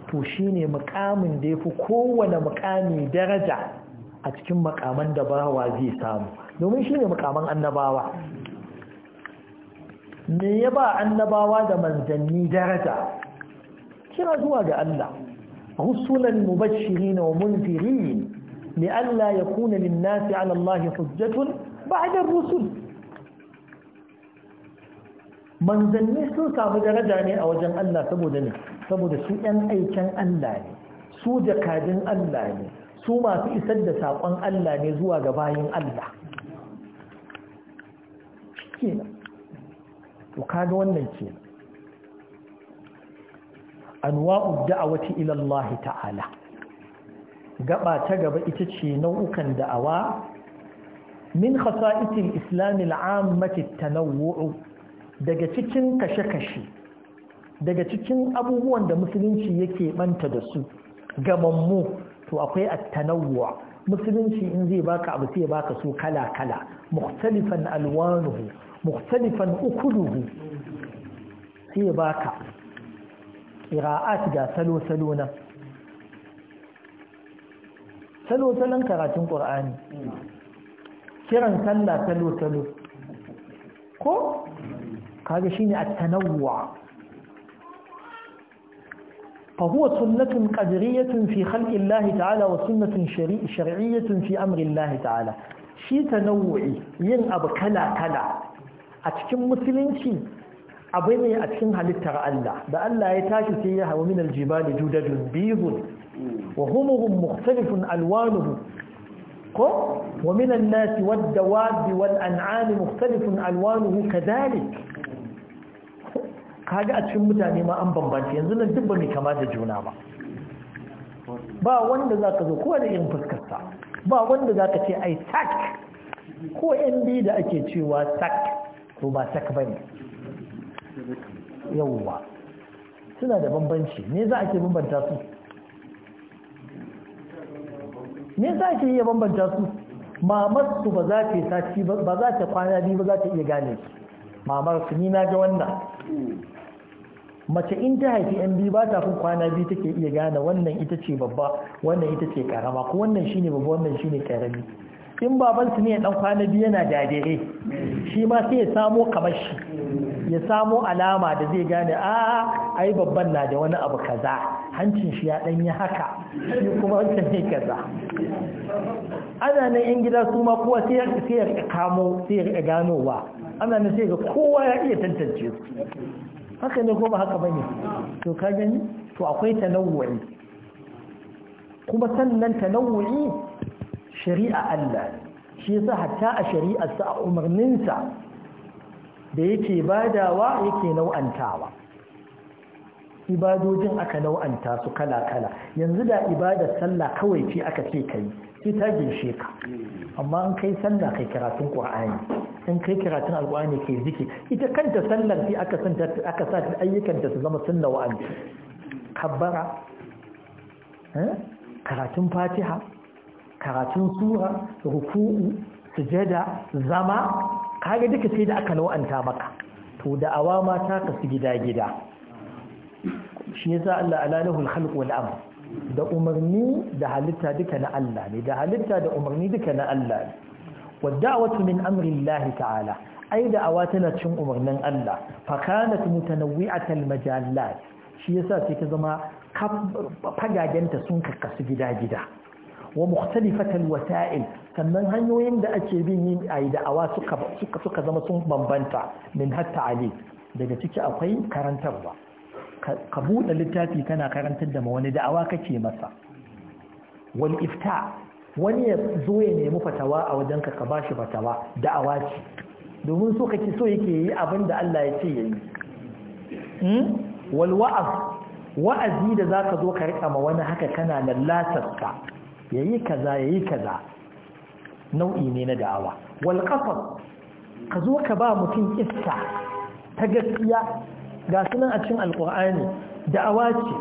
[SPEAKER 1] to shine maqamin da yafi kowane maqami daraja a cikin maqaman da bawa zai samu domin shine maqaman annabawa me ya ba annabawa da manzanni daraja kira zuwa ga Allah rusulan mubashirin wa munzirin li alla yakuna lin nasi ala Allah hujjatun ba'da ar-rusul manzanni sun samu daraja ne a wajen Allah saboda ne saboda su ɗan aikin Allah ne su jakadin Allah ne su masu isar da saƙon Allah ne zuwa ga bayin Allah kenan to kaga wannan ke anwa'u da'awati ila Allah ta'ala gaba ta gaba ita ce nau'ukan da'awa min khasa'itil islam al'ammati tanawwu daga cikin kashe-kashe daga cikin abubuwan da musulunci yake banta da su gabanmu to akwai at-tanawwu musulunci in zai baka abu sai baka su kala-kala mukhtalifan alwanuhu mukhtalifan ukuluhu sai baka qira'at ga salo salona salo salon karatun ƙur'ani. kiran sallah salo salo ko kaga shine at-tanawwu' fa huwa sunnatun qadriyatun fi khalqi Allah ta'ala wa sunnatun shari'iyyatun fi amri Allah ta'ala shi tanawwu'i yin abu kala kala a cikin musulunci abu ne a cikin halittar Allah da Allah ya tashi sai ya hawa min aljibal judadun bihun wa humuhum mukhtalifun alwanuhu ko wa min an-nas wad dawab wal-an'am mukhtalifun alwanuhu kadhalik kaga a cikin mutane ma an bambance yanzu nan duk bane kama da juna ba ba wanda zaka zo ko da irin fuskarsa ba wanda zaka ce ai tak ko yan biyu da ake cewa tak to ba tak ne. yawwa suna da bambanci Ne za a ke bambanta su Ne za a ke iya bambanta su mamar su ba za ta sati ba za ke kwana biyu ba za ke iya gane su mamar su ni na ga wannan mace in ta haifi yan biyu ba ta kun kwana biyu take iya gane wannan ita ce babba wannan ita ce karama ko wannan shine babba wannan shine karami in babansu ne ya ɗan kwana biyu yana dadere eh, shi ma sai ya samo kamar shi ya samo alama da zai gane a ai babban na da wani abu kaza hancin shi ya ɗan yi haka shi kuma wancan ne kaza
[SPEAKER 2] ana nan yan gida su ma kowa sai ya
[SPEAKER 1] kamo sai ya ganowa ana nan sai ga kowa ya iya tantance su haka ne ko ba haka bane to ka gani to akwai tanawuri kuma sannan tanawuri shari'a Allah shi yasa hatta a shari'arsa a umarninsa da yake badawa yake nau'antawa ibadojin aka nau'anta su kala-kala yanzu da ibadar sallah kawai ce aka ce kai sai ta ginshe ka amma an kai sallah kai karatun qur'ani in kai karatun alqur'ani kai zikir ita kanta sallar sai aka san aka sa ayyukanta su zama sunna wa'azi kabbara eh? karatun fatiha karatun sura ruku'u sujada zama kage duka sai da aka nau'anta maka to da awama ta kasu gida-gida shi yasa Allah alalahul khalq wal amr da umarni da halitta duka na Allah ne da halitta da umarni duka na Allah ne wadda'watu min amri Allah ta'ala ai da da'awa tana cin umarnin Allah fa kanat mutanawwi'atal majallat shi yasa sai ta zama fagagenta sun kakkasu gida-gida wa mukhtalifatan wasa'il sannan hanyoyin da ake bin yin ayi da'awa suka suka suka zama sun bambanta min hatta ali daga ciki akwai karantarwa ka buɗe littafi kana karantar da ma wani da'awa kake masa wal ifta wani ya zo ya nemi fatawa a wajen ka ka bashi fatawa da'awa ce domin so kake so yake yi abin da Allah ya ce yayi hmm? wal wa'az wa'azi da zaka zo ka rika ma wani haka kana nan ka yayi kaza yayi kaza nau'i ne na da'awa wal ƙafar ka zo ka ba mutum iska ta gaskiya ga sunan a cikin alqur'ani da'awa ce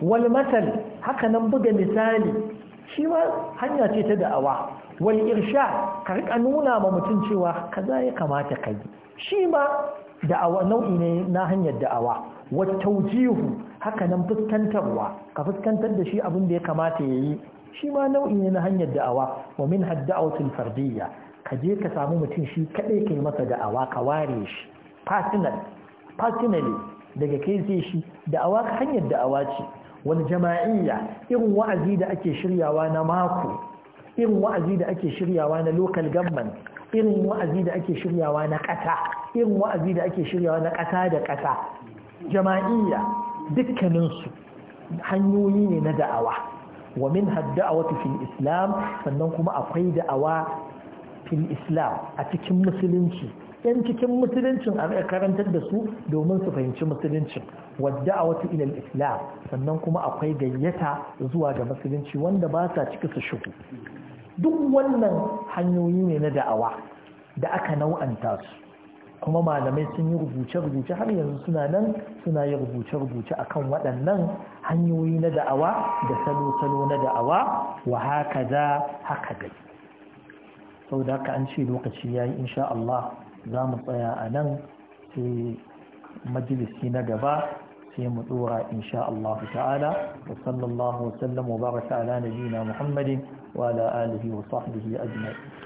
[SPEAKER 1] wal matal haka nan buga misali shi ma hanya ce ta da'awa wal irsha ka rika nuna ma mutum cewa kaza ya kamata ka yi shi ma da'awa nau'i ne na hanyar da'awa wat taujihu. haka nan fuskantarwa ka fuskantar da shi abin da ya kamata ya yi shi ma nau'i ne na hanyar da'awa wa min hadda'awatul fardiyya ka je ka samu mutum shi kadai yi masa da'awa ka ware shi personal personally daga kai sai shi da'awa hanyar da'awa ce wani jama'iyya irin wa'azi da ake shiryawa na mako irin wa'azi da ake shiryawa na local government irin wa'azi da ake shiryawa na ƙasa irin wa'azi da ake shiryawa na ƙasa da ƙasa jama'iyya dukkaninsu hanyoyi ne na da'awa wa min hadda'awatu fil islam sannan kuma akwai da'awa fil islam a cikin musulunci yan cikin musuluncin a karantar da su domin su fahimci musuluncin wadda a wata ilal islam sannan kuma akwai gayyata zuwa ga musulunci wanda ba sa ciki su shigo duk wannan hanyoyi ne na da'awa da aka nau'anta su kuma malamai sun yi rubuce-rubuce har yanzu suna nan suna yi rubuce-rubuce akan waɗannan hanyoyi na da'awa da salo-salo na da'awa wa haka za haka dai sau da haka an ce lokaci ya yi insha Allah za mu tsaya a nan sai majalisi na gaba sai mu tsora insha Allah ta'ala wa sallallahu wa sallam wa baraka ala nabiyina Muhammadin wa ala alihi wa sahbihi ajma'in